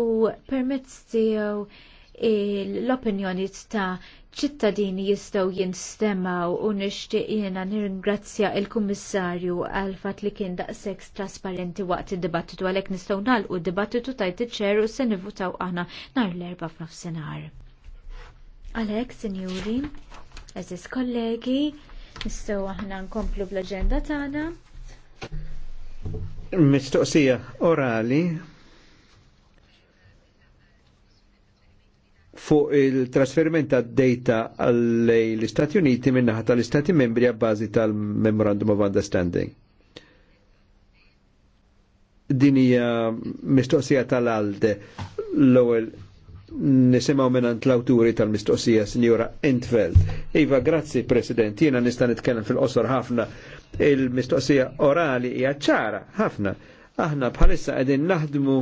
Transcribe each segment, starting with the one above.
u permezz tiegħu l-opinjoni ta' ċittadini jistgħu jinstemaw u nixtieq jiena nirringrazzja l kummissarju għal fatt li kien daqshekk trasparenti waqt id-dibattitu għalhekk nistgħu nagħlqu d-dibattitu tajt iċ-ċer u se nivvutaw aħna nhar l-erba' f'nofsinhar. Għalhekk, sinjuri, eżis kollegi, nistgħu aħna nkomplu bl-aġenda tagħna. Mistoqsija orali fuq il-trasferiment ta' data għallej l-Istati Uniti minnaħat tal-Istati membri għabbażi tal-Memorandum of Understanding. Din hija mistoqsija tal-alde l-ewwel nisimaw minnant l-awturi tal-mistoqsija Signora Entfeld. Iva, grazzi President, jiena nista' nitkellem fil-qosor ħafna il-mistoqsija orali hija ċara ħafna. Aħna bħalissa qegħdin naħdmu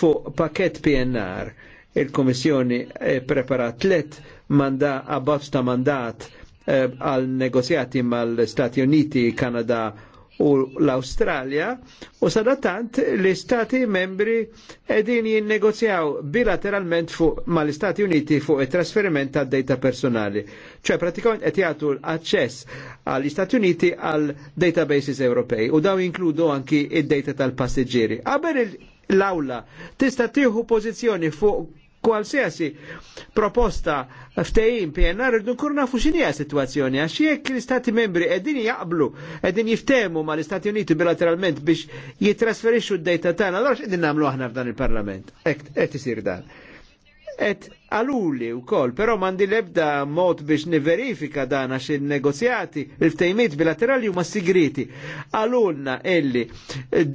fuq pakett PNR Il-Komissjoni eh, preparat tlet manda abbozz ta' mandat eh, għal negozjati mal-Stati Uniti, Kanada u l-Australia u sadatant l-Istati membri edin jinnegozjaw bilateralment fuq ma l-Istati Uniti fuq il-trasferiment ta' data personali. ċe pratikament qed jagħtu l-aċċess għall-Istati Uniti għal databases Ewropej u daw inkludu anki id-data tal-passiġġieri. Qabel l-awla tista' tieħu pożizzjoni fuq kwalsiasi proposta ftehim PNR rridu nkunu nafu x'inhi situazzjoni għax jekk l-Istati membri qegħdin jaqblu, qegħdin jiftehmu mal-Istati Uniti bilateralment biex jitrasferixxu d-dejta tagħna, allura x'qegħdin nagħmlu aħna f'dan il-Parlament. Qed isir dan. Et għaluli u kol, pero mandi lebda mod biex niverifika dan għax il-negozjati, il-ftejmiet bilaterali huma sigriti. Għalulna illi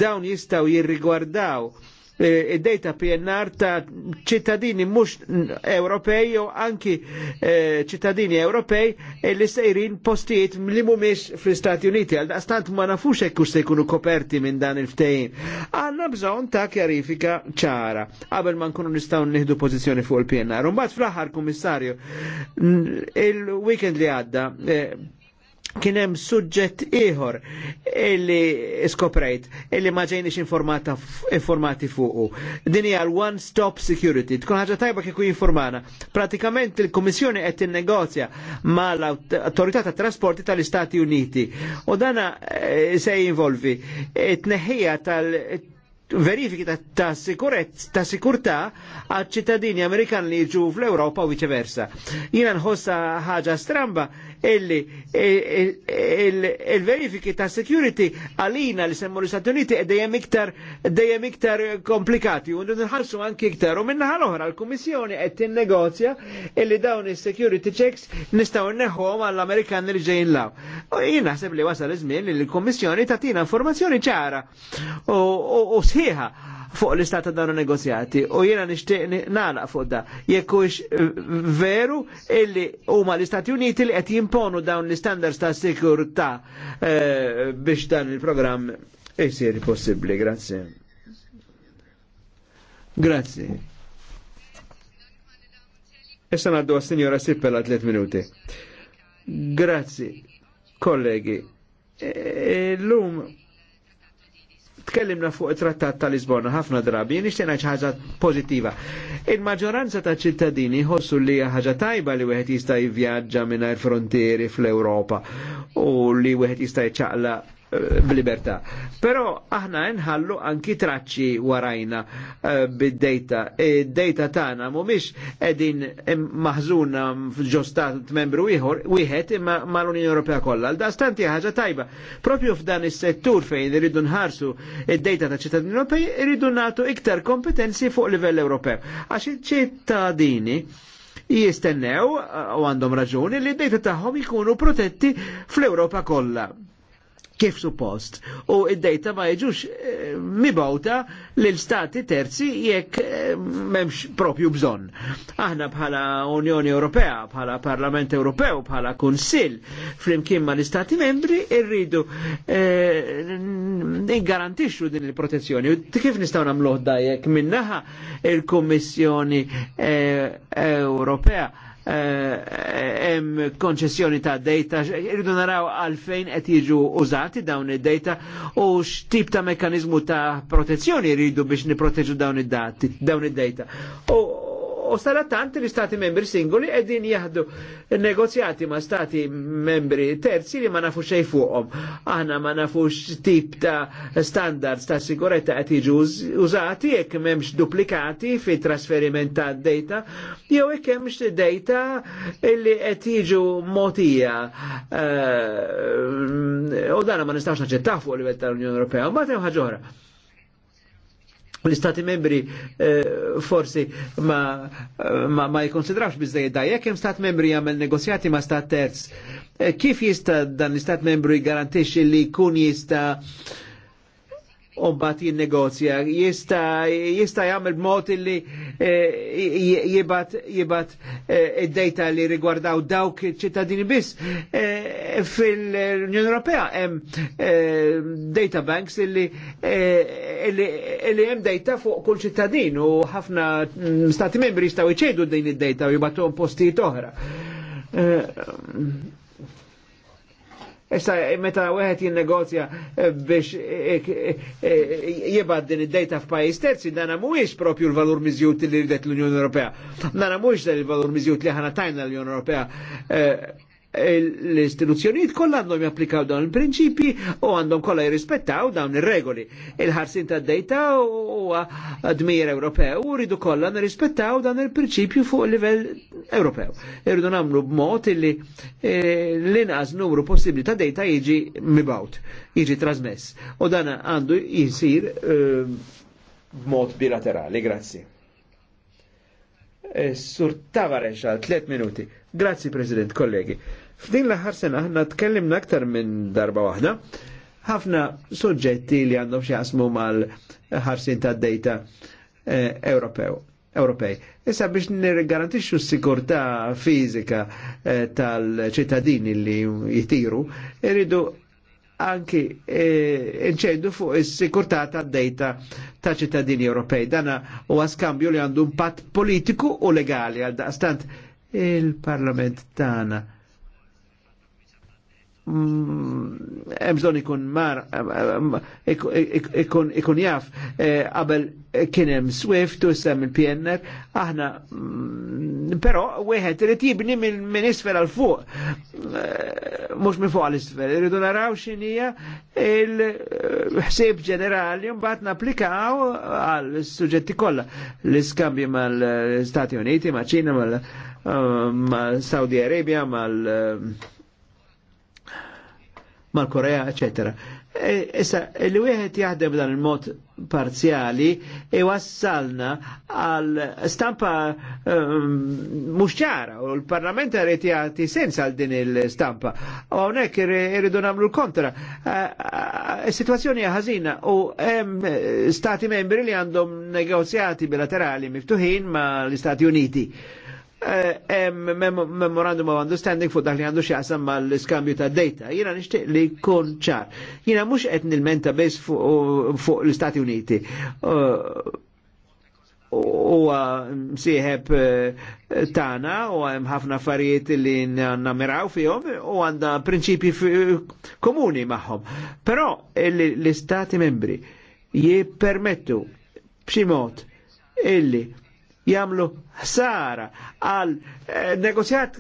dawn jistaw jirrigwardaw Eh, id-data PNR ta' ċittadini mhux Ewropej jew anki eh, ċittadini Ewropej li sejrin postijiet li mhumiex fl-Istati Uniti għal daqstant ma nafux hekk se jkunu koperti minn dan il-ftehim. Għandna bżonn ta' kjarifika ċara qabel ma nkunu nistgħu nieħdu pożizzjoni fuq il-PNR. Mbagħad fl-aħħar Kummissarju, il-weekend li għadda eh, kien hemm suġġett ieħor illi skoprejt illi ma ġejniex informati fuqu. Din hija l-one stop security. Tkun ħaġa tajba kieku informana. Pratikament il-Kummissjoni qed tinnegozja mal-Awtorità tat-Trasporti tal-Istati Uniti. U dana eh, se jinvolvi t tneħħija tal- verifiki ta' sikurezz ta' sikurtà għal ċittadini Amerikan li jiġu fl-Ewropa u viċeversa. Jiena nħossa ħaġa stramba illi e, e, il-verifiki ta' security għalina li semmu l-Istati Uniti e dejjem iktar dejjem iktar komplikati u nħallsu anki iktar u minna l oħra l-Kummissjoni qed tinnegozja illi dawn is-security checks nistgħu nneħħuhom għall-Amerikan li ġejjin law. Jien naħseb li wasal iż-żmien li l-Kummissjoni tagħtina informazzjoni ċara u sħiħa fuq l-istat ta' dawn negozjati u jiena nixtieq nagħlaq fuq da jekkux eh, veru illi huma l-Istati Uniti li qed jimponu dawn l-istandards ta' sikurità eh, biex dan il-programm jsir possibbli. Grazzi. Grazzi. Issa għaddu għas-Sinjora Sippela 3 minuti. Grazzi, kollegi. E, eh, e, lum tkellimna fuq it-trattat tal-Lisbona ħafna drabi, nixtieq ngħid ħaġa pożittiva. Il-maġġoranza ta' ċittadini ħossu li hija ħaġa tajba li wieħed jista' jivvjaġġa mingħajr frontieri fl-Ewropa u li wieħed jista' jċaqla b'libertà. Però aħna nħallu anki traċċi warajna eh, bid-dejta. Id-dejta tagħna mhumiex qegħdin maħżuna f'ġostat membru ieħor wieħed imma mal-Unjoni Ewropea kollha. Da stanti ħaġa tajba. Propju f'dan is-settur fejn iridu nħarsu id-dejta ta' ċittadini Ewropej iridu nagħtu iktar kompetenzi fuq livell Ewropew. Għax iċ-ċittadini jistennew eh, u għandhom raġuni li d-dejta tagħhom jkunu protetti fl-Ewropa kollha kif suppost. U id-dejta ma jiġux eh, mibawta l istati terzi jekk eh, memx propju bżon. Aħna bħala Unjoni Ewropea, bħala Parlament Ewropew, bħala Kunsill, flimkien ma l-istati membri irridu eh, garantixxu din il-protezzjoni. U kif nistgħu namluħda jekk minnaħa il-Kummissjoni Ewropea hemm eh, eh, konċessjoni ta' data, irridu naraw għalfejn qed jiġu użati dawn id-data u x'tip ta' mekkaniżmu ta' protezzjoni jridu biex niproteġu dawn id-dati, dawn id-data. U u tant li stati membri singoli edin jahdu negozjati ma stati membri terzi li ma nafux xej fuqom. Aħna ma nafux tip ta' standards ta' sigurezza qed jiġu użati jekk m'hemmx duplikati fi trasferiment ta' data jew jekk hemmx data illi qed jiġu motija. Eh, u dan ma nistax naċċettaw fuq livell tal-Unjoni Ewropea. ma hemm ħaġa l-istati membri eh, forsi ma, ma, ma jikonsidrawx bizzejda, jekk hemm stat membri jagħmel negozjati ma stat terz, eh, kif jista dan l-istat membri jgarantix li kun jista' umbat jinnegozja. Jista, jista jgħamil b'mod illi eh, jibat jibat eh, id-dejta li rigwardaw dawk ċittadini biss. Eh, Fil-Unjoni Ewropea hemm data banks illi hemm data fuq kull ċittadin u ħafna mm, stati membri jistgħu jċejdu din id-data u jibatuhom postijiet oħra Issa meta wieħed jinnegozja eh, biex eh, eh, jibad din id-dejta f'pajis terzi, dana mhuwiex propju l-valur miżjut li ridet l-Unjoni Ewropea. Dana mhuwiex dan il-valur miżjut li ħana tajna l-Unjoni Ewropea l-istituzzjonijiet kollha għandhom japplikaw dawn il-prinċipi u għandhom kollha jirrispettaw dawn ir-regoli. Il-ħarsin tad dejta huwa dmir Ewropew u rridu kollha nirrispettaw dan il-prinċipju fuq il-livell Ewropew. Irridu nagħmlu b'mod li eh, l-inqas numru possibbli ta' dejta jiġi mibgħut, jiġi trasmess. U dan għandu jisir eh, b'mod bilaterali. Grazzi. Eh, Sur Tavares għal 3 minuti. Grazzi, President, kollegi. F'din l sena aħna tkellimna aktar minn darba waħda. Ħafna soġġetti li għandhom xi jasmu mal-ħarsin ta' data eh, Ewropew. Ewropej. Issa biex nirgarantixxu s-sigurtà fiżika eh, tal-ċittadini li jitiru, irridu anki eh, inċendu fuq is-sikurtà tad-dejta ta' ċittadini Ewropej. Dana huwa skambju li għandu impatt politiku u legali għal daqstant il-Parlament tagħna Mm, hemm bżonn ikun mar ikun jaf eh, qabel kien hemm Swift u issa il-PNR aħna mm, però wieħed irid jibni minn isfel għal fuq eh, mhux minn fuq għal isfel irridu naraw x'inhija il-ħsieb ġenerali mbagħad napplikaw għal suġġetti kollha l-iskambji mal-Stati Uniti, ma' Ċina, mal-Saudi Arabia, mal-, eh, -Saudi Arabia, mal mal-Korea, ecc. E, issa, li wieħed jaħdem dan il-mod parzjali e wassalna għal stampa ehm, mhux ċara u l-Parlament rrid jagħti sens għal din il-stampa. U hawnhekk irridu nagħmlu l-kontra. Is-sitwazzjoni e, e, ħażina u hemm stati membri li għandhom negozjati bilaterali miftuħin ma l-Istati Uniti Eh, memorandum of understanding fuq dak li għandu xjaqsam mal-iskambju ta' data. Jiena nixtieq li jkun ċar. Jiena mhux qed nilmenta biss fuq l-Istati Uniti. Eh, huwa msieħeb eh, tagħna u hemm ħafna affarijiet li namiraw fihom u għandha prinċipji komuni magħhom. Però l-Istati membri jippermettu b'xi mod illi jagħmlu ħsara għal eh, negozjat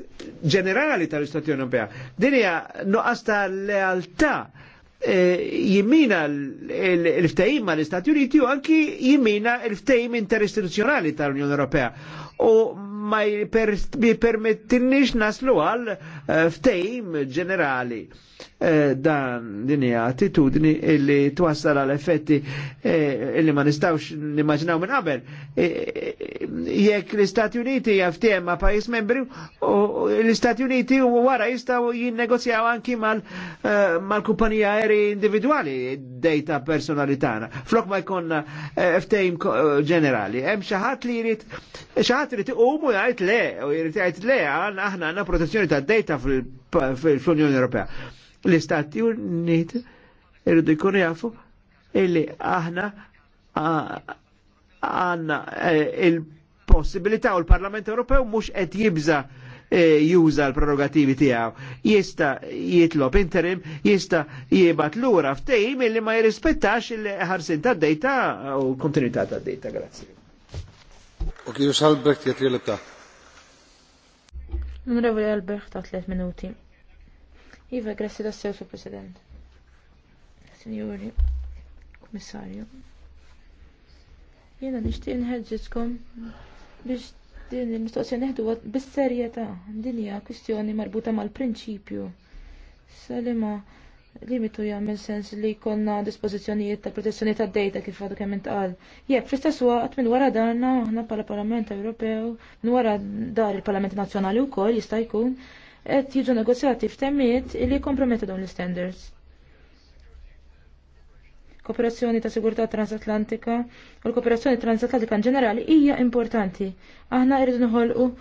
ġenerali tal-Istati Ewropea. Din hija nuqqas ta' lealtà eh, jimmina l-ftehim ma l-Istati Uniti u anki jimina l-ftehim interistituzjonali tal-Unjoni Ewropea. U ma jipermettinix naslu għal Eh, ftejm ġenerali eh, dan din hija attitudni illi twassal għal effetti eh, illi ma nistawx nimmaġinaw minn qabel. Jekk l-Istati Uniti jaftiem ma' pajis membri, l-Istati Uniti wara jistaw jinnegozjaw anki mal-kumpanija aeri individuali data personalitana. Flok ma jkun ftejm ġenerali. Hemm xi ħadd li jrid xi ħadd irid iqum jgħid le, u jrid jgħid le, aħna għandna protezzjoni tad-data fl-Unjoni Ewropea. L-Istati Uniti irridu jkunu jafu illi aħna għanna e, il-possibilità u l-Parlament Ewropew mhux qed jibża e, juża l-prerogativi tiegħu. Jista jitlob interim, jista jibat lura ftehim illi ma jirrispettax il-ħarsin tad dejta u kontinuità tad dejta Grazzi. U kiju salbek jatri l Onorevoli Albert ta' tliet minuti. Iva, grazzi da' sew, President. Signori, Kommissarju. Jena nishtiq nħedġitkom biex din il-mistoqsija neħdu bis-serjetà. Din hija kwistjoni marbuta mal-prinċipju. Salima limitu jagħmel sens li jkollna dispożizzjonijiet ta' protezzjoni ta' data kif għadu kemm intqal. Jek, fl-istess waqt minn wara darna aħna bħala Parlament Ewropew, minn wara dar il-Parlament Nazzjonali wkoll jista' jkun qed jiġu negozjati f'temmiet li jkompromettu dawn l-standards. Kooperazzjoni ta' sigurtà transatlantika u l-kooperazzjoni transatlantika in ġenerali hija importanti. Aħna rridu noħolqu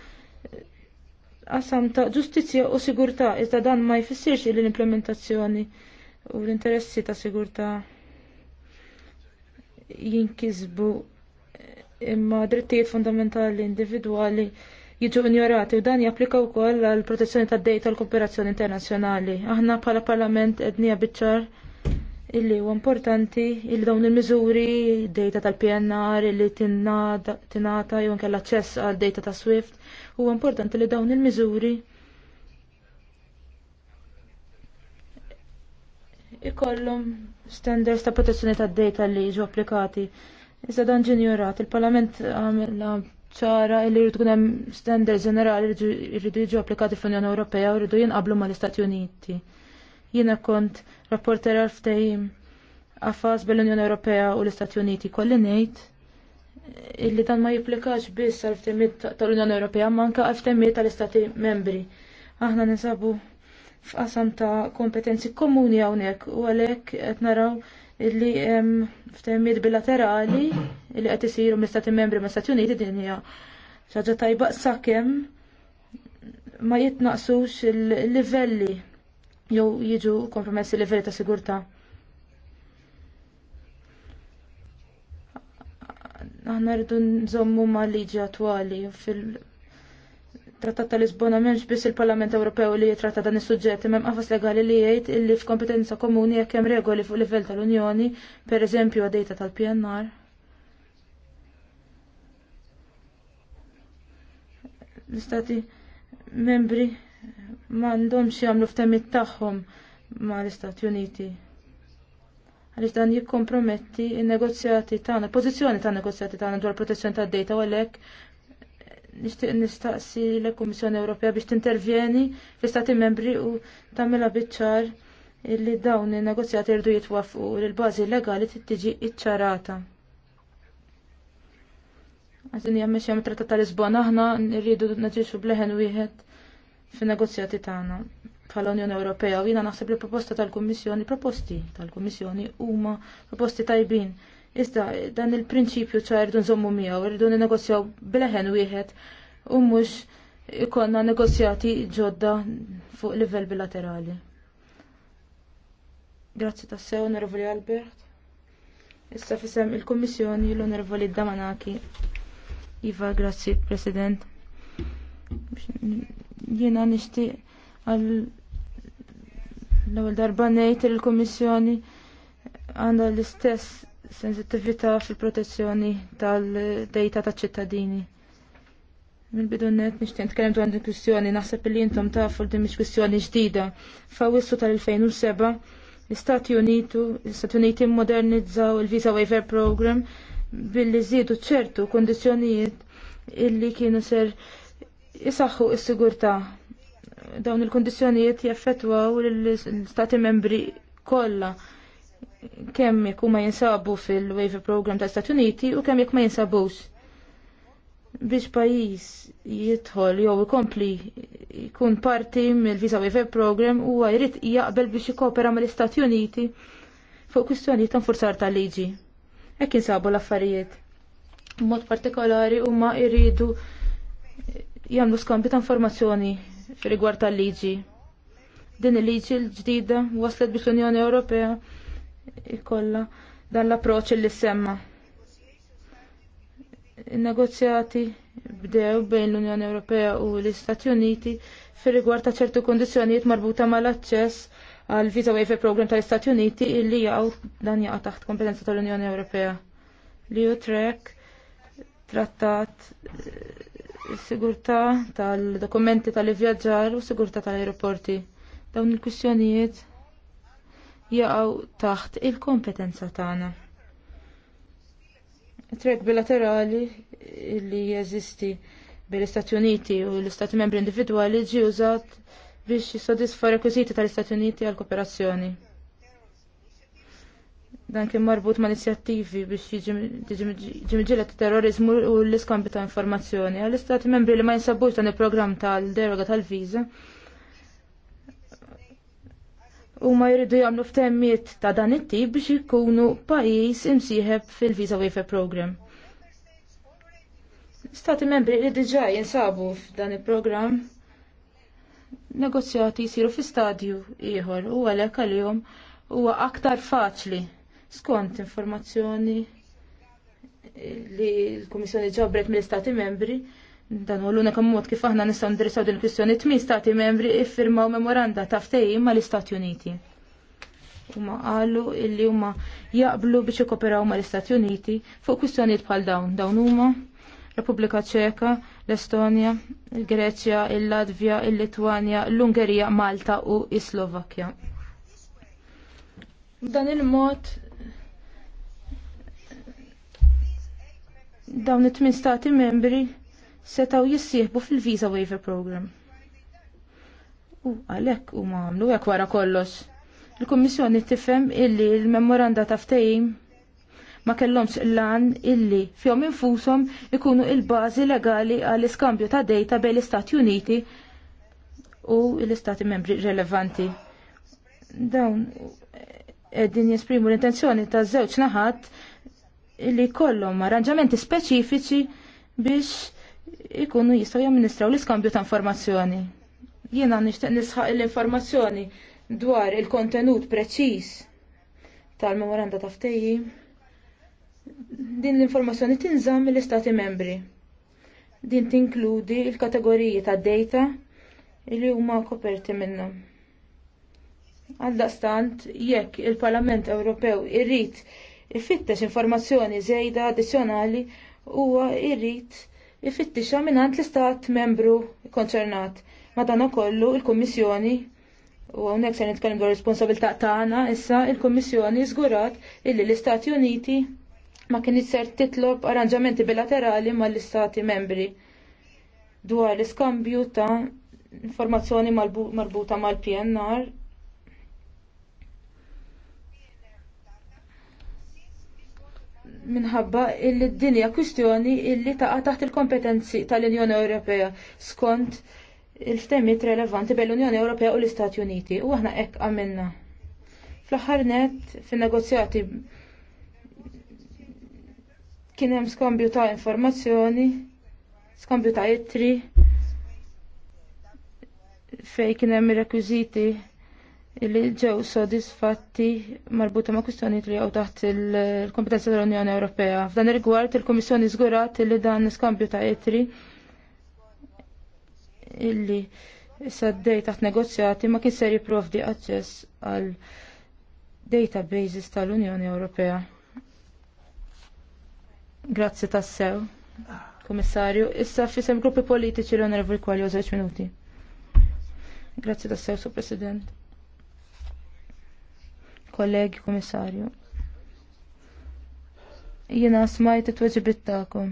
qasam ta' ġustizzja u sigurtà iżda dan ma jfissirx li l-implementazzjoni u l-interessi ta' sigurtà jinkisbu imma drittijiet fundamentali individwali jiġu injorati u dan japplika wkoll għall protezzjoni tad dejta tal kooperazzjoni internazzjonali. Aħna bħala Parlament edni għabitċar illi huwa importanti illi dawn il-miżuri, data tal-PNR illi tinata jew anke l-aċċess għal data ta' Swift, huwa importanti li dawn il-miżuri ikollhom standards ta' protezzjoni tad data li jiġu applikati. Iżda dan ġinjurat, il-Parlament għamilha ċara li jridu kunem hemm standards ġenerali li jridu jiġu applikati fl-Unjoni Ewropea u jridu jinqablu mal-Istati Uniti. Jiena kont rapporter għal ftajim għafas bil unjoni Ewropea u l-Istati Uniti kolli ngħid illi dan ma jipplikax biss għal ftehimiet tal-Unjoni Ewropea manka għal ftehimiet tal-Istati Membri. Aħna ninsabu f'qasam ta' kompetenzi komuni hawnhekk u għalhekk qed naraw illi hemm bilaterali illi qed isiru mill istati Membri mal-Stati Uniti din hija tajba sakemm ma jitnaqsux il-livelli jew jiġu kompromessi livell ta' sigurtà. Aħna rridu nżommu ma' liġi attwali fil- Trattat tal-Lisbona m'hemmx biss il-Parlament Ewropew li jitratta dan is-suġġett imma qafas legali li jgħid illi f'kompetenza komuni jekk hemm regoli fuq livell tal-Unjoni, pereżempju għadejta tal-PNR. L-istati membri m'għandhomx jagħmlu f'temmit tagħhom mal-Istati Uniti. Għaliex dan jikkomprometti n-negozjati tagħna, pożizzjoni tan negozjati tagħna dwar protezzjoni tad-dejta u għalhekk nixtieq nistaqsi l-Kummissjoni Ewropea biex tintervjeni fl-Istati Membri u tagħmilha biċ-ċar illi dawn in-negozjati rridu jitwaffqu li l-bażi legali tittiġi iċċarata. Għazin jgħammex jgħam trattat tal-Lisbon aħna rridu naġiexu bleħen wieħed fin-negozjati tagħna bħala Unjoni Ewropea u jiena naħseb li proposta tal-Kummissjoni, proposti tal-Kummissjoni huma proposti tajbin. Iżda dan il-prinċipju ċar irdu nżommu miegħu, irdu negozjaw bleħen wieħed u mhux ikonna negozjati ġodda fuq livell bilaterali. Grazzi tassew, Nervoli Albert. Issa fisem il-Kommissjoni l-Onervoli Damanaki. Iva, grazzi, President. Jiena nixtieq għal l-ewwel darba ngħid il-Kummissjoni għandha l-istess sensittività fil-protezzjoni tal-dejta taċ-ċittadini. Mill-bidu net nixtieq nitkellem dwar din kwistjoni naħseb li intom tafu li mhix kwistjoni ġdida. Fawissu tal-2007 l-Istati Unitu, l-Istati Uniti modernizzaw il-Visa Waiver Program billi żiedu ċertu kondizzjonijiet illi kienu ser jisaxħu s-sigurta. Dawn il-kondizjonijiet jaffetwaw l-stati membri kollha kemm jekk huma jinsabu fil-waiver program ta' Stati Uniti u kemm jekk ma jinsabux. Biex pajjiż jidħol jew ikompli jkun parti mill-Visa Waiver Program huwa jrid jaqbel biex jikopera mill-Istati Uniti fuq kwistjonijiet ta' nfurzar tal liġi. Hekk jinsabu l-affarijiet. Mod partikolari huma jridu jagħmlu skambi ta' informazzjoni rigward tal-liġi. Din il-liġi l-ġdida waslet biex l-Unjoni Ewropea ikolla dan l-approċċ li semma. Il-negozjati bdew bejn l-Unjoni Ewropea u l-Istati Uniti fir rigward ta' ċertu kondizzjonijiet marbuta mal-aċċess għal Visa Waiver Program tal-Istati Uniti illi jaqgħu dan jaqa' taħt kompetenza tal-Unjoni Ewropea. Li trek trattat sigurtà tal-dokumenti tal-ivvjaġġar u sigurtà tal-aeroporti. Dawn il-kwistjonijiet jaqgħu taħt il-kompetenza tagħna. Trek bilaterali li jeżisti bil istati Uniti u l-Istati membri individwali ġi użat biex jissodisfa rekwiżiti tal-Istati Uniti għal kooperazzjoni. Dan kien marbut ma' inizjattivi biex ġimġilet terrorizmu u l-iskambi ta' informazzjoni. għal istati membri li ma' jinsabux dan il-program tal-deroga tal-viza. U ma jridu jagħmlu f'temmiet ta' dan it-tip biex ikunu pajjiż imsieħeb fil-Visa Waiver Program. Stati membri li diġà jinsabu f'dan il-programm negozjati jisiru fi stadju ieħor u għalhekk jom huwa aktar faċli skont informazzjoni li l-Kummissjoni ġabret mill-Istati membri dan u l-unika mod kif aħna nistgħu ndirissaw din il-kwistjoni tmien stati membri iffirmaw memoranda ta' ftehim mal-Istati Uniti. Huma qalu illi huma jaqblu biex ikoperaw mal-Istati Uniti fuq kwistjonijiet bħal dawn dawn huma Repubblika Ċeka, l-Estonja, il-Greċja, il-Latvja, il-Litwanja, l-Ungerija, Malta u is-Slovakkja. Dan il-mod dawn it tmien stati membri setaw jissieħbu fil-Visa Waiver Program. U għalek u għamlu jek wara kollox. Il-Kommissjoni tifhem illi il-memoranda ta' ftehim ma kellhomx lan illi fihom infushom ikunu il-bażi legali għall iskambju ta' dejta bejn l-Istati Uniti u l-Istati membri relevanti. Dawn qegħdin eh, jesprimu l-intenzjoni ta' żewġ naħat li kollhom arranġamenti speċifiċi biex ikunu jistgħu jamministraw l-iskambju ta' informazzjoni. Jiena nixtieq nisħaq l-informazzjoni dwar il-kontenut preċiż tal-memoranda ta' ftejji. Din l-informazzjoni tinżamm mill-Istati membri. Din tinkludi l-kategoriji ta' data li huma koperti minnhom. Għaldaqstant, jekk il-Parlament Ewropew irrid ifittex informazzjoni żejda addizzjonali huwa jrid ifittixha mingħand l-istat membru konċernat. Madankollu il-Kummissjoni u hawnhekk se nitkellem dwar responsabilità tagħna issa il-Kummissjoni żgurat illi l-Istati Uniti ma kien isser titlob arranġamenti bilaterali mal-istati membri dwar l-iskambju ta' informazzjoni marbuta mal-PNR minħabba illi d-dinja kwistjoni illi taqa taħt il-kompetenzi tal-Unjoni Ewropea skont il-ftemmit relevanti bejn l-Unjoni Ewropea u l-Istati Uniti u aħna hekk għamilna. Fl-aħħar net fin-negozjati kien hemm skambju ta' informazzjoni, skombju ta' ittri fej kien hemm ir-rekwiżiti li ġew sodisfatti marbuta ma' kwistjonijiet li jew taħt il-kompetenza tal-Unjoni Ewropea. F'dan ir-rigward il-Kummissjoni żgurat li dan l-iskambju ta' etri illi saddej taħt negozjati ma kien ser jipprovdi aċċess għal databases tal-Unjoni Ewropea. Grazzi tassew, Komissarju. Issa fisem gruppi politiċi l-onorevoli kwali 20 minuti. Grazzi tassew, Sur President kollegi komissarju. Jiena smajt it-tweġibit tagħkom.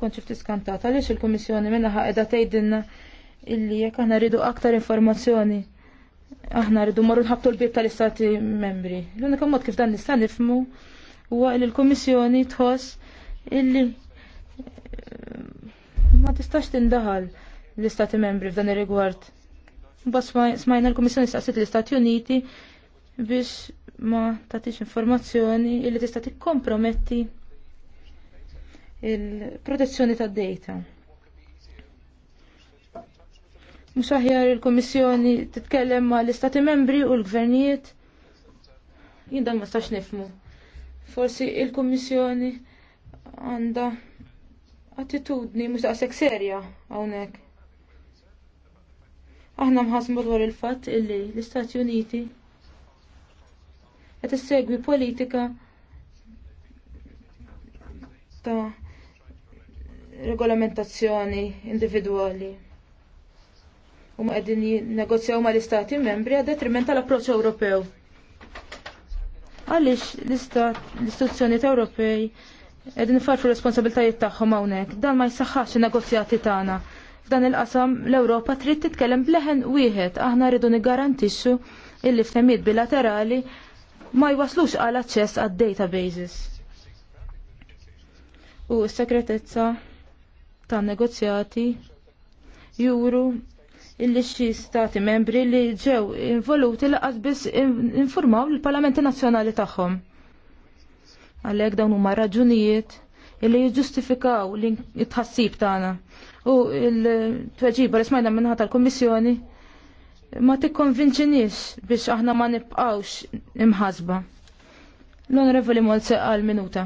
Kont xi ftit skantat għaliex il-Kummissjoni minna ħaqeda tgħidilna illi jekk aħna rridu aktar informazzjoni aħna rridu marru nħabtu l-bib tal-istati membri. L-unika mod kif dan nista' nifmu huwa li l-Kummissjoni tħoss illi eh, ma tistax tindaħal l-istati membri f'dan ir-rigward Bas smajna l-Komissjoni staqsit l-Istati Uniti biex ma tatix informazzjoni illi tista' tikkomprometti il-protezzjoni tad data Mhux aħjar il-Komissjoni titkellem ma l-Istati Membri u l-Gvernijiet jien dan ma stax nifmu. Forsi il-Komissjoni għandha attitudni mhux daqshekk serja hawnhekk. Aħna mħasmu dwar il-fatt illi l-Istati Uniti qed segwi politika ta' regolamentazzjoni individwali u ma qegħdin ma' mal istati membri għad detriment tal-approċċ Ewropew. Għaliex l-istituzzjoni ta' Ewropej qegħdin farfu responsabiltajiet tagħhom hawnhekk, dan ma jisaxħax il negozjati tagħna. F'dan il-qasam l-Ewropa trid titkellem bleħen wieħed aħna rridu niggarantixxu li f'temijiet bilaterali ma jwaslux għal aċċess għad databases U s-segretezza tan negozjati juru illi xi stati membri li ġew involuti laqas biss informaw l-Parlamenti Nazzjonali tagħhom. Għalhekk dawn huma raġunijiet illi jiġġustifikaw l-tħassib tagħna. U l-tweġiba li smajna minnaħa tal-Kummissjoni ma tikkonvinċinix biex aħna ma nibqawx imħasba. L-Onorevoli Molse għal minuta.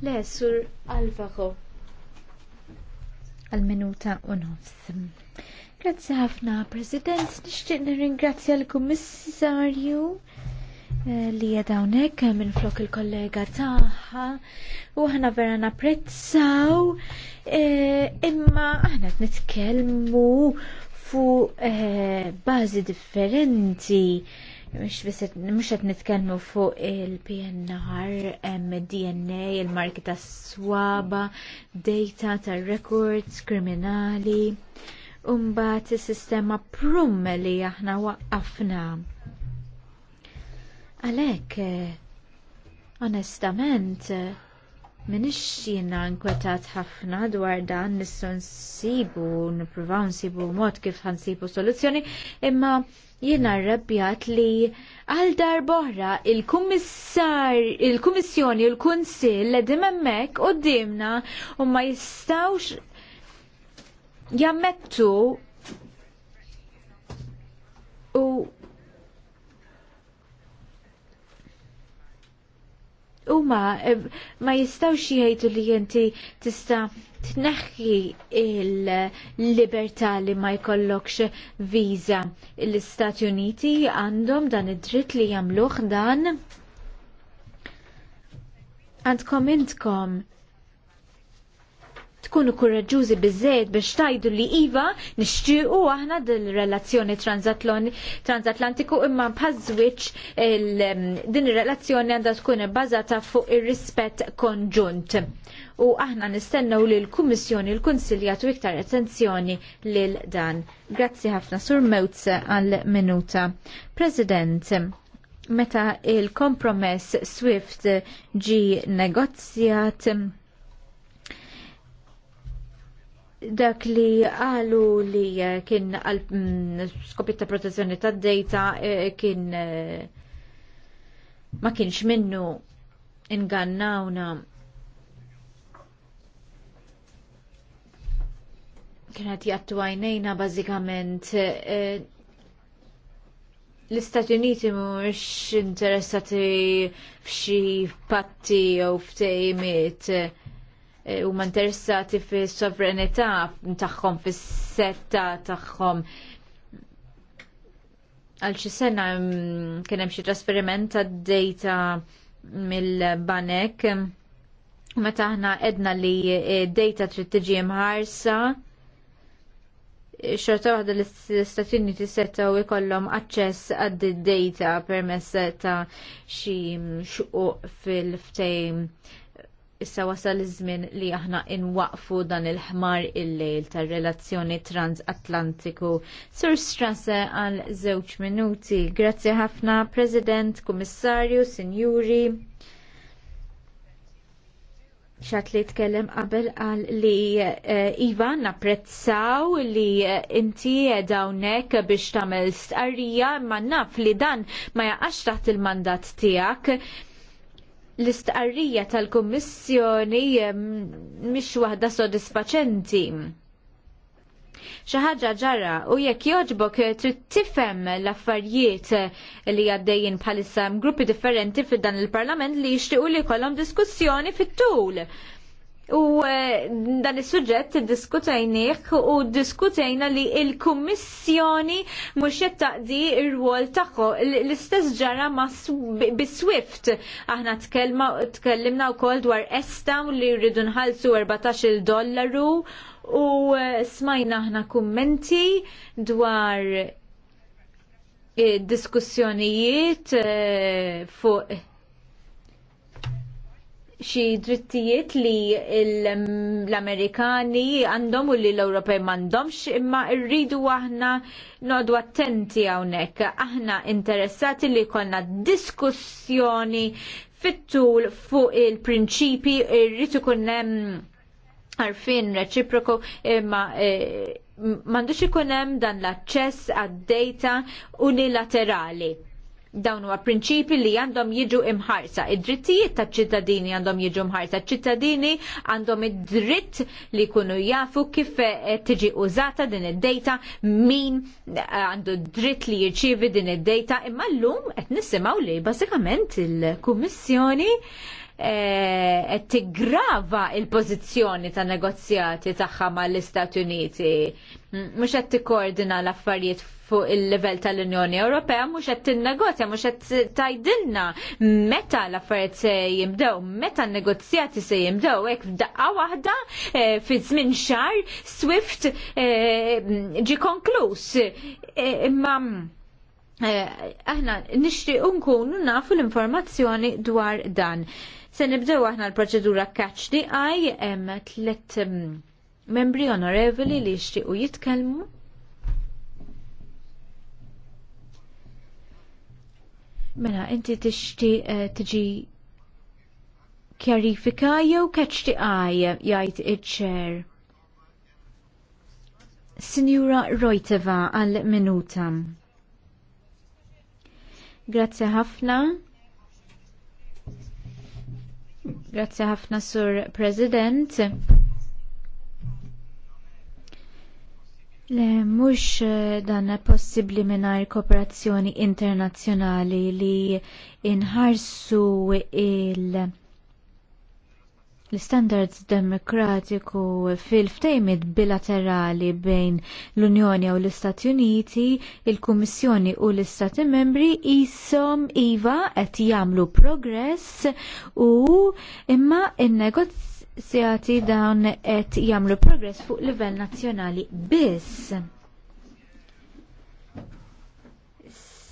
Le, sur Alvaro. Għal minuta u nofs. Grazzi ħafna, President. Nixtieq nirringrazzja l-Kummissarju Eh, li jadawnek eh, minn flok il-kollega taħħa u ħana vera napprezzaw eh, imma aħna t-nitkelmu fu bazi differenti mux għet nitkelmu fuq il-PNR, DNA, il-marki ta' swaba, data ta' records kriminali, umbat il-sistema prum li aħna waqqafna Għalek, eh, onestament, eh, minix jina nkwetat ħafna dwar dan nissu nsibu, nipruvaw nsibu mod kif ħansibu soluzzjoni, imma jina rrabjat li għal dar boħra il-kummissar, il-kummissjoni, il-kunsil, l-edim emmek u dimna u ma jistawx jammettu u huma eh, ma jistawx jgħidu li inti tista' tneħħi il-libertà li ma jkollokx viża. L-Istati Uniti għandhom dan id-dritt li jagħmluh dan għandkom intkom tkunu kurraġuzi bizzejt biex tajdu li Iva nixtiequ aħna dil-relazzjoni transatlantiku imma bħazwiċ din ir-relazzjoni għandha tkun bazata fuq ir-rispett konġunt. U aħna nistennew li l-Kummissjoni l-Kunsiljatu iktar attenzjoni lil dan. Grazzi ħafna Sur Mewz għal-minuta. President, meta il-kompromess Swift ġi negozjat dak li għalu li eh, kien għal mm, skopit ta' protezzjoni ta' data eh, kien eh, ma kienx minnu ingannawna kien għati għattu għajnejna bazzikament l-Istati Uniti mux interessati f'xi patti u f'tejmiet E, huma interessati fis-sovranità tagħhom fis-setta tagħhom għal xi sena mm, kien hemm xi trasferiment tad-data mill-banek meta aħna edna li e, data trid tiġi mħarsa xorta waħda l-Istati Uniti setgħu jkollhom aċċess għad data permess ta' xi xquq fil-ftejm issa wasal iż-żmien li aħna inwaqfu dan il-ħmar il-lejl tar-relazzjoni transatlantiku. Sur Strasse għal żewġ minuti. Grazzi ħafna, President, Kummissarju, Sinjuri xat li tkellem qabel għal li uh, Iva napprezzaw li eh, inti dawnek biex tamel starija ma naf li dan ma jaqax taħt il-mandat tijak l-istqarrija tal-Kummissjoni mhix waħda sodisfaċenti. Xi ħaġa ġara u jekk jogħġbok eh, trid tifhem l-affarijiet eh, li għaddejjin bħalissa gruppi differenti fid-dan il-Parlament li jixtiequ li jkollhom diskussjoni fit-tul U eh, dan is-suġġett diskutajnieh u diskutajna li il-Kummissjoni mhux qed taqdi r-rwol tagħha. L-istess ġara ma' bis-Swift. Aħna tkellimna wkoll dwar Esta li rridu nħallsu 14 dollaru u eh, smajna aħna kummenti dwar eh, diskussjonijiet fuq xi drittijiet li l-Amerikani għandhom u li l-Ewropej m'għandhomx imma rridu aħna nodu attenti hawnhekk. Aħna interessati li konna diskussjoni fit-tul fuq il-prinċipi irrid ikun hemm għarfien reċiproku imma e, m'għandux ikun hemm dan l-aċċess għad-data unilaterali dawn huwa prinċipi li għandhom jiġu imħarsa. Id-drittijiet ta' ċittadini għandhom jiġu imħarsa. ċittadini għandhom id-dritt li kunu jafu kif eh, tiġi użata din id-data, min eh, għandu dritt li jirċievi din id-data. Imma llum qed nisimgħu li bażikament il-Kummissjoni Eh, qed tigrava il-pożizzjoni ta' negozjati tagħha mal-Istati Uniti. Mhux qed tikkoordina l-affarijiet fuq il-level tal-Unjoni Ewropea mhux qed tinnegozja, mhux qed tajdilna meta l-affarijiet se jimdew, meta n-negozjati se jimdew, hekk f'daqqa waħda eh, fi żmien xar Swift eh, ġi konkluż. Imma aħna nixtieq nkunu nafu l-informazzjoni dwar dan. Se nibdew aħna l-proċedura catch di għaj, em tlet membri onorevoli li jixtiequ jitkellmu. Mela, inti tixti eh, tiġi kjarifika jew catch di għaj jgħid iċ-ċer. Signora Rojteva għal minuta. Grazie ħafna. Grazie ħafna sur President. Le, mux eh, dan possibli minar kooperazzjoni internazzjonali li inħarsu il- l-standards demokratiku fil-ftejmit bilaterali bejn l-Unjoni u l-Istati Uniti, il-Kummissjoni u l-Istati Membri jisom iva qed jagħmlu progress u imma in-negozjati dawn qed jagħmlu progress fuq livell nazzjonali biss.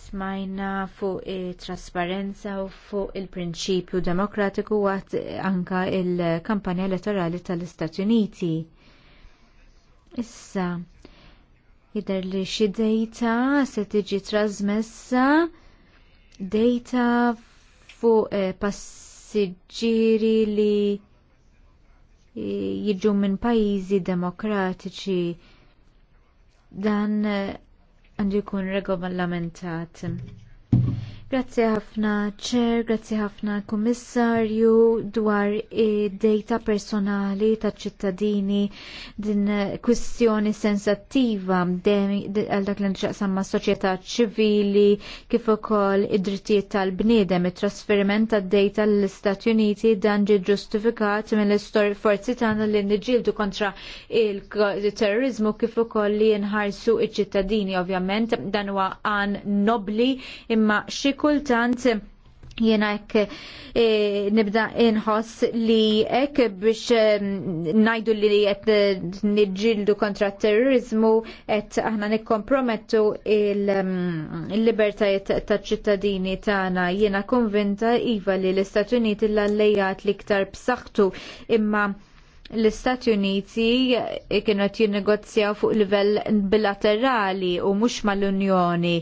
smajna fuq trasparenza u fuq il-prinċipju demokratiku għat anka il-kampanja elettorali tal-Istati Uniti. Issa, jidher li xi dejta se tiġi trasmessa dejta fuq eh, passiġġieri li eh, jiġu minn pajjiżi demokratiċi dan eh, għandu jkun regolamentat. Grazzi ħafna ċer, grazzi ħafna kummissarju dwar id-dejta personali ta' ċittadini din kwistjoni sensattiva għal dak li nċaqsam ma' soċjetà ċivili kif ukoll id-drittijiet tal-bniedem it-trasferiment tad-dejta l-Istati Uniti dan ġi ġustifikat mill-istor forzi tagħna li nġildu kontra il-terrorizmu kif ukoll li nħarsu iċ-ċittadini ovvjament dan huwa għan nobli imma xi kultant jena ek e, nibda inħoss li ek biex e, najdu li et nidġildu kontra terrorizmu et aħna nikkompromettu il-libertajiet il ta' ċittadini tagħna jena konvinta iva li l-Istati Uniti l-allejat li ktar b'saħħtu imma l-Istati Uniti kienet jinnegozjaw fuq livell bilaterali u mhux mal-Unjoni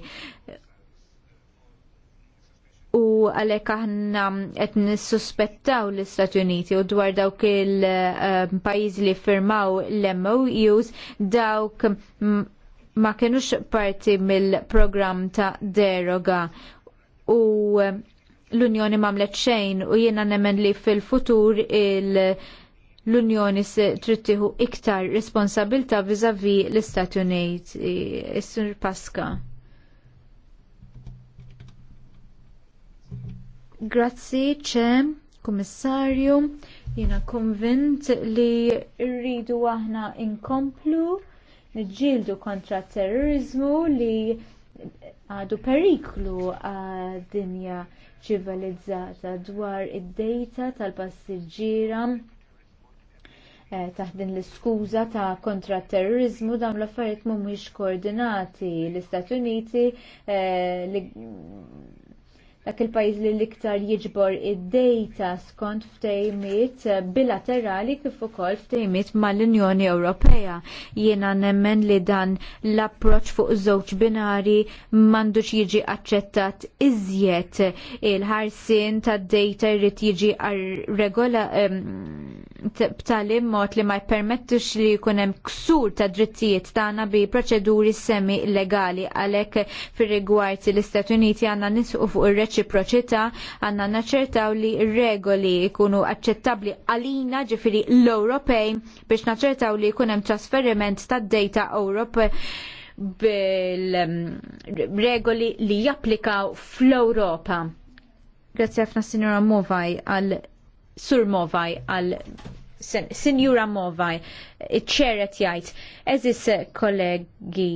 u għalek aħna qed nissuspettaw l-Istati Uniti u dwar dawk il-pajjiżi li firmaw l-MOUs dawk ma kienux parti mill-programm ta' deroga u um, l-Unjoni mamlet xejn u jiena nemmen li fil-futur l-Unjoni trid tieħu iktar responsabilta viżavi l-Istati Uniti. Is-Sur Pasqa. Grazzi, ċem kummissarju, jena konvint li rridu aħna inkomplu nġildu kontra terrorizmu li għadu periklu għad-dinja ċivilizzata dwar id-dejta tal-passiġġiera eh, taħdin l-iskuża ta' kontraterrorizmu dawn l-affarijiet mhumiex koordinati l-Istati Uniti eh, dak il-pajjiż li l-iktar jiġbor id-dejta skont ftejmiet bilaterali kif ukoll ftejmiet mal-Unjoni Ewropea. Jiena nemmen li dan l-approċċ fuq żewġ binari m'għandux jiġi aċċettat iżjed il-ħarsien tad-dejta jrid jiġi regola b'tali mod li ma jpermettux li jkun hemm ksur ta' drittijiet tagħna bi proċeduri semi legali għalhekk fir-rigward l-Istati Uniti għandna nisqu fuq ir reċiproċità għandna naċċertaw li r regoli jkunu aċċettabbli għalina ġifiri l-Ewropej biex naċċertaw li jkun hemm trasferiment tad data Ewropej bil-regoli mm, li japplikaw fl-Ewropa. Grazzi ħafna Sinjora Movaj għal Sur Movaj għal Sinjura Movaj, ċeret jajt. Eżis kollegi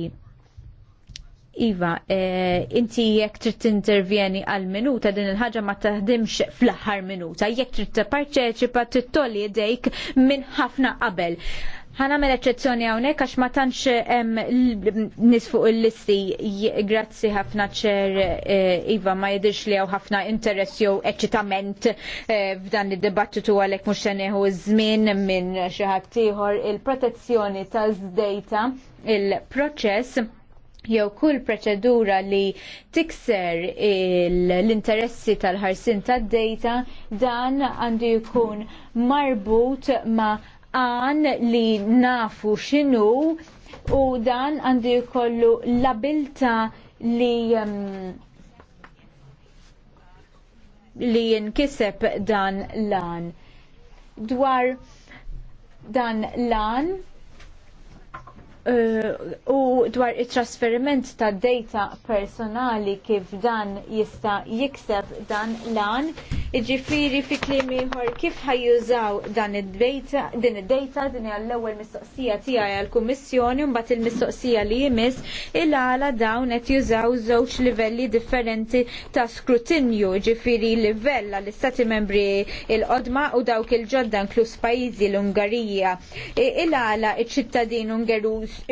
Iva, eh, inti jekk trid intervjeni għal minuta din il-ħaġa ma taħdimx fl-aħħar minuta, jekk trid tipparteċipa tittolli idejk minn ħafna qabel. mela eċċezzjoni hawnhekk għax ma tantx nis fuq il-listi grazzi ħafna ċer eh, Iva ma jidirx li hawn ħafna interess jew eċitament eh, f'dan id-dibattitu għalhekk mhux se neħu żmien minn xi ħadd ieħor il-protezzjoni taż-dejta il-proċess jew kull proċedura li tikser l-interessi tal-ħarsin tad-data dan għandu jkun marbut ma' għan li nafu xinu u dan għandu jkollu l-abilta li um, li jinkiseb dan lan. Dwar dan lan Eh, u dwar it-trasferiment ta' data personali kif dan jista' jikseb dan lan Iġifiri fi klim ieħor kif ħajjużaw dan id-data, din id-data din għall ewwel mistoqsija tiegħi għal kummissjoni u mbagħad il-mistoqsija li jmiss il-għala dawn qed jużaw żewġ livelli differenti ta' skrutinju, iġifiri livell għall-Istati membri il-qodma u dawk il-ġodda inkluż pajjiżi l-Ungarija. Il-għala iċ-ċittadin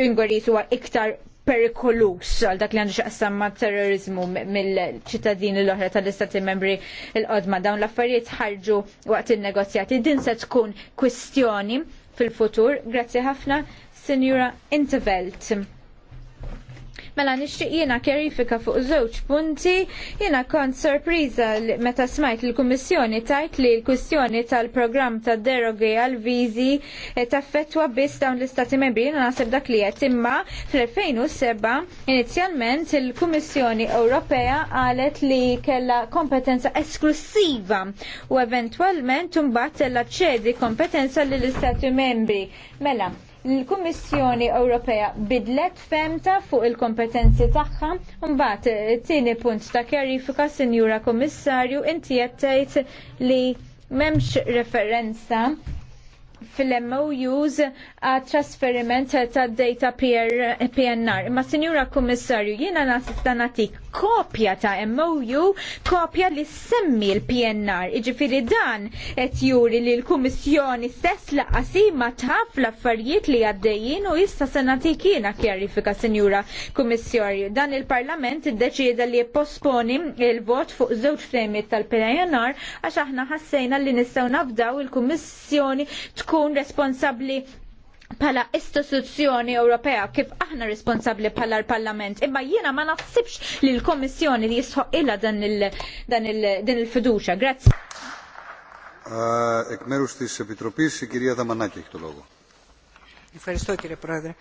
Ungaris huwa iktar perikolus għal dak li għandu xaqsam ma' terrorizmu mill-ċittadini l-oħra tal-istati membri l-qodma dawn l-affarijiet ħarġu waqt il-negozjati. Din se tkun kwistjoni fil-futur. Grazzi ħafna, Signora Intervelt. Mela nixtieq jiena kjarifika fuq żewġ punti. Jiena kont sorpriża meta smajt il-Kummissjoni tajt li l-kwistjoni tal-programm ta' derogi għal viżi taffettwa biss dawn l-Istati Membri. Jiena naħseb dak li qed imma fl-2007 inizjalment il-Kummissjoni Ewropea qalet li kellha kompetenza esklusiva u eventwalment imbagħad tella ċedi kompetenza lill-Istati Membri. Mela, l-Kummissjoni Ewropea bidlet femta fuq il-kompetenzi tagħha mbagħad tieni punt ta' kjarifika Sinjura Kummissarju inti qed tgħid li m'hemmx referenza fil-MOUs a trasferiment ta' data PNR. Ma' Sinjura Kommissarju, jiena nasista kopja ta' MOU, kopja li semmi l-PNR. Iġifiri dan et juri li l-Kommissjoni stess laqasi ma taf l-affarijiet li għaddejjin u issa se natik kjarifika, Sinjura Kommissarju. Dan il-Parlament id-deċida li posponi il-vot fuq żewġ fremiet tal-PNR għax aħna ħassejna li nistgħu nabdaw il-Kummissjoni tkun responsabli pala istituzzjoni Ewropea kif aħna responsabli pala l-Parlament. Imma jiena ma naħsibx li l-Komissjoni li jisħoq illa dan il-fiduċa. Il Grazzi. Εκ μέρους της Επιτροπής, η κυρία Δαμανάκη έχει το λόγο. Ευχαριστώ κύριε Πρόεδρε.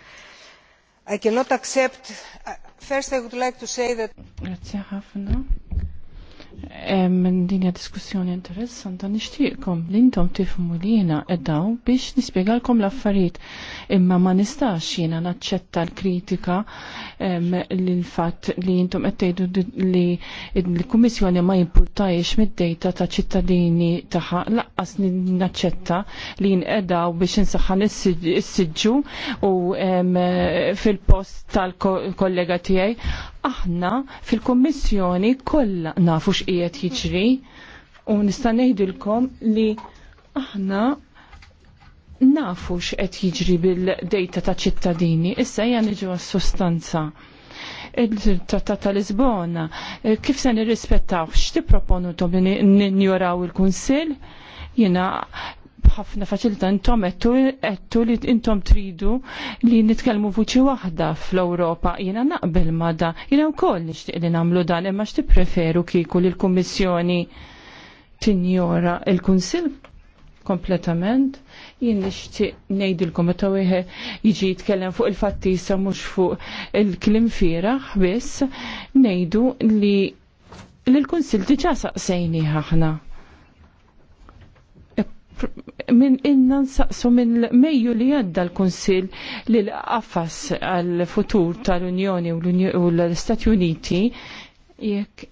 I cannot accept. Uh, first I would like to say that... Grazie, Hafna. Dinja diskussjoni interessanta nixtieqkom li intom tifhmu li jiena eddaw biex nispjegalkom l-affarijiet imma ma nistax jiena naċċetta l-kritika l-fatt li intom qed tgħidu li l-Kummissjoni ma jimpultajx mid-dejta ta' ċittadini tagħha laqqas naċċetta li nqedaw biex insaħħan s siġġu u fil-post tal-kollega tiegħi aħna fil-Kommissjoni kollha nafu x'qiegħed jiġri u nista' ngħidilkom li aħna nafu x'qed jiġri bil-dejta ta' ċittadini, issa hija niġu għas-sostanza il-Trattat tal-Lisbona, kif se nirrispettaw, x'tipproponu tom ninjoraw il-Kunsill? Jina bħafna faċilta intom għettu li intom tridu li nitkellmu vuċi waħda fl-Ewropa. Jiena naqbel ma da, u koll nixtieq li nagħmlu dan imma x'tippreferu kieku li l-Kummissjoni tinjora il-Kunsill kompletament. Jien nixtieq ngħidilkom meta wieħed jiġi jitkellem fuq il-fattisa mhux fuq il-klim fieraħ biss ngħidu li l-Kunsill diġa' saqsejni ħahna. E Min innan nsaqsu minn Mejju li għadda l konsil li l-qafas għal-futur tal-Unjoni u l-Stati Uniti jekk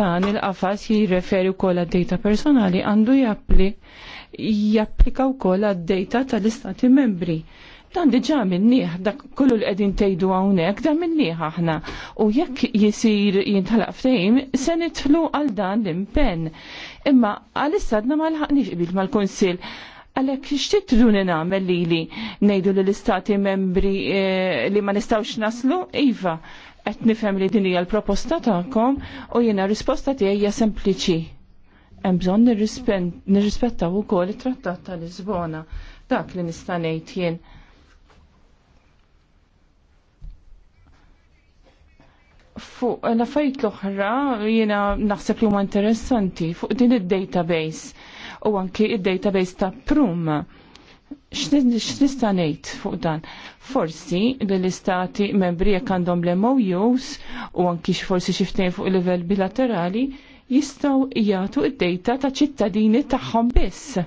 dan il-qafas jirreferi wkoll għad-data personali għandu jappli japplika wkoll għad-data tal-Istati Membri Dan diġa minniħ, dak kollu l-edin tejdu għawnek, dan minniħ aħna. U jekk jisir jintħalaq ftejm, se nitlu għal dan l-impen. Imma għalissa istadna ma l-ħaqnix bil mal-konsil. Għalek, xtiet triduni namel li li nejdu l-istati membri eh, li ma nistawx naslu? Iva, qed nifhem li din hija l-proposta tagħkom u jiena risposta tiegħi hija sempliċi. Hemm bżonn nirrispettaw ukoll it-Trattat ta' Lisbona. Dak li nista' ngħid jien fuq l-affarijiet l-oħra jiena naħseb li huma interessanti fuq din id-database u anki id-database ta' Prum. X'nista' ngħid fuq dan? Forsi l-istati membri jekk għandhom l-MOUs u anki forsi xi ftehim fuq livell bilaterali jistgħu jagħtu id-data ta' ċittadini tagħhom biss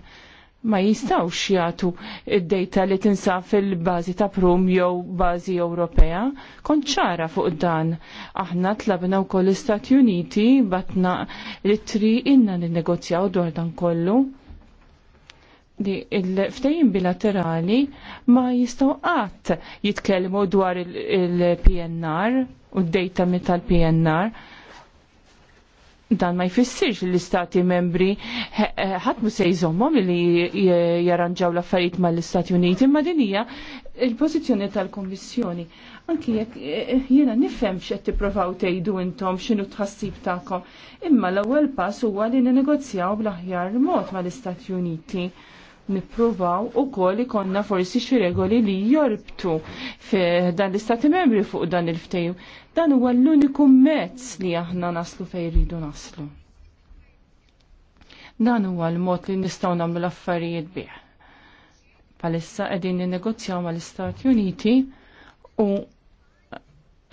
ma jistawx jagħtu id-data li tinsa fil-bażi ta' prum jew bażi Ewropea. Kont ċara fuq dan. Aħna tlabna wkoll l-Istati Uniti batna li tri inna ninnegozjaw dwar dan kollu. Di il-ftejn bilaterali ma jistaw qatt jitkellmu dwar il-PNR u d-data mit tal-PNR dan ma jfissirx l-istati membri ħadd mu se jżommhom li jarranġaw l-affarijiet mal-Istati Uniti, imma din hija il-pożizzjoni tal-Kommissjoni. Anki jekk e, e, jiena nifhem x'qed tippruvaw tgħidu intom x'inhu tħassib tagħkom, imma l-ewwel pass huwa li ninegozjaw bl-aħjar mod mal-Istati Uniti nippruvaw ukoll konna forsi xi regoli li jorbtu dan l-istati membri fuq dan il-ftejju. Dan huwa l-uniku mezz li aħna naslu fej rridu naslu. Dan huwa l-mod li nistgħu nagħmlu l-affarijiet bih. Palissa qegħdin ninnegozjaw mal-Istati Uniti u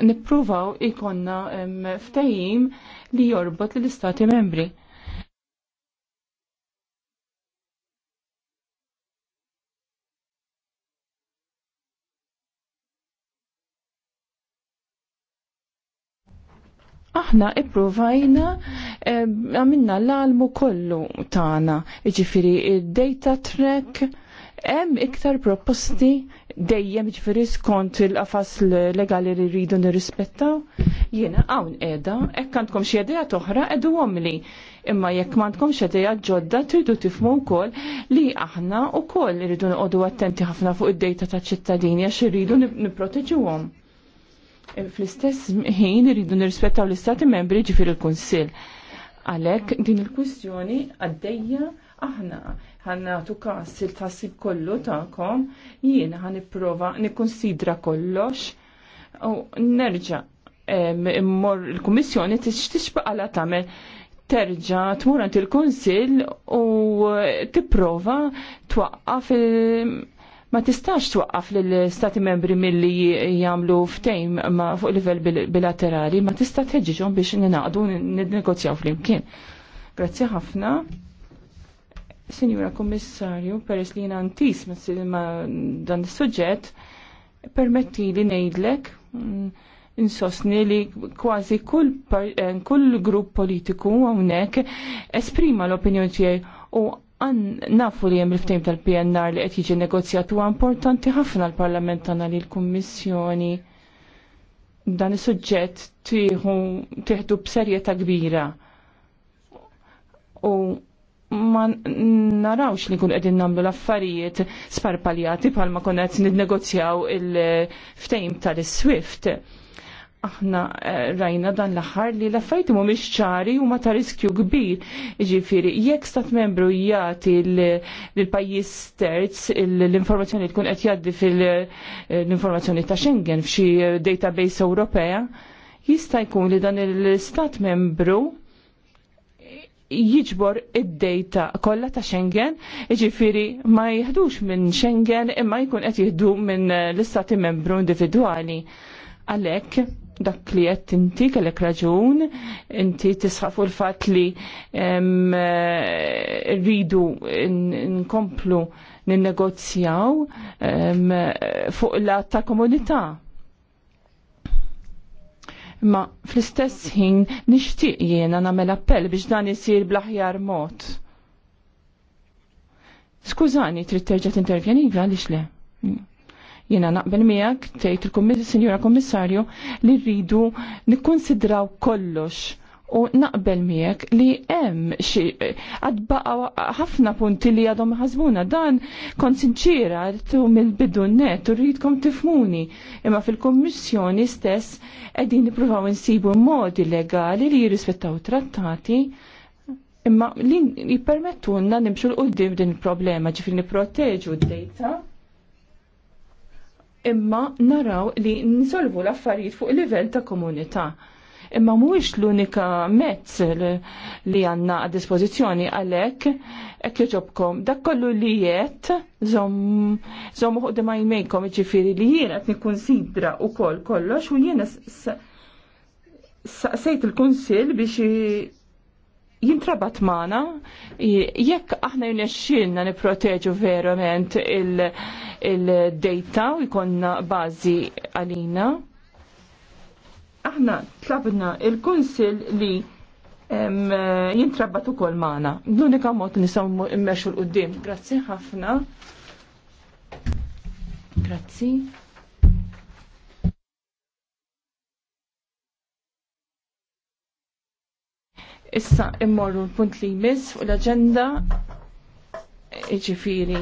nippruvaw ikonna ftehim li jorbot lill istati membri aħna ipprovajna eh, għamilna l-almu kollu tagħna, jiġifieri data track, hemm iktar proposti dejjem jiġifieri skont il-qafas legali li rridu nirrispettaw. Jiena hawn qiegħda, hekk għandkom xi idea toħra qegħdu għomli. Imma jekk m'għandkom xi idea ġodda tridu tifmu wkoll li aħna wkoll irridu noqogħdu attenti ħafna fuq id-dejta taċ-ċittadini għax irridu nipproteġuhom. Fl-istess ħin irridu nirrispettaw l-istati membri ġifir il-Kunsill. Għalek din il-kwistjoni għaddejja aħna tu kas il-tassib kollu ta'kom, jien ħan iprova nikkonsidra kollox u nerġa immor il-Kummissjoni tixtixbaq għala tamel terġa tmur il-Kunsill u tipprova twaqqaf ma tistax twaqqaf lill stati membri milli jagħmlu ftejm fuq livell bilaterali, ma tista' teġġiġhom biex ninaqdu ninnegozjaw flimkien. Grazzi ħafna. Sinjura Kommissarju, peress li jina antis ma dan is-suġġett, permetti li ngħidlek mm, insosni li kważi kull, eh, kull grupp politiku hawnhekk esprima l-opinjoni tiegħi u nafu li jem il-ftejm tal-PNR li qed jiġi negozjat huwa importanti ħafna l-Parlament tagħna li l-Kummissjoni dan is-suġġett tieħdu b'serjetà kbira. U ma narawx li kun qegħdin nagħmlu l-affarijiet sparpaljati ma kon qed negozjaw il-ftejm tal-Swift aħna eh, rajna dan l-aħħar li l-affarijiet mhumiex ċari u ma ta' riskju kbir. Ġifieri, jekk stat membru jagħti lill-pajjiż terz l-informazzjoni tkun qed jgħaddi fil-informazzjoni eh, ta' Schengen f'xi eh, database Ewropea, jista' jkun li dan il-stat membru jiġbor id-data kollha ta' Schengen, jiġifieri ma jihdux minn Schengen imma jkun qed jieħdu minn l-istati membru individwali. Għalhekk dak li qed inti kellek raġun, inti tisħafu l fatt li eh, rridu nkomplu ninnegozjaw fuq la ta' komunità. Ma fl-istess ħin nixtieq jiena nagħmel appell biex dan isir bl-aħjar mod. Skużani, trid terġa' tintervjeni għaliex le? Jena naqbel miegħek tgħid il-Sinjura Kommissarju li rridu nikkonsidraw kollox u naqbel miegħek li hemm xi qed ħafna punti li għadhom ħażbuna dan kont sinċira rtu mill-bidu net u rridkom tifmuni imma fil-Kummissjoni stess qegħdin nippruvaw insibu modi legali li jirrispettaw trattati imma li jippermettulna nimxu l-qudiem din il-problema ġifri nipproteġu d-dejta imma naraw li nisolvu l-affarijiet fuq livell ta' komunità. Imma mhuwiex l-unika mezz li għandna a dispożizzjoni għalhekk hekk joġobkom dak kollu li jett żomm uħuq ma jmejkom iġifieri li jien qed nikkunsidra wkoll kollox u jiena sejt il-kunsill biex jintrabat maħna, jekk aħna jnexxilna niproteġu verament il-data u jkonna bażi għalina. Aħna tlabna il-Kunsil li jintrabat ukoll maħna. L-unika mod li nisaw immexxu l-qudiem. Grazzi ħafna. Grazzi. Issa immorru l-punt li jmiss fuq l-agenda iġifiri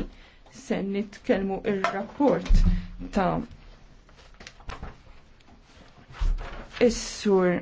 se nitkellmu il rapport ta' is-sur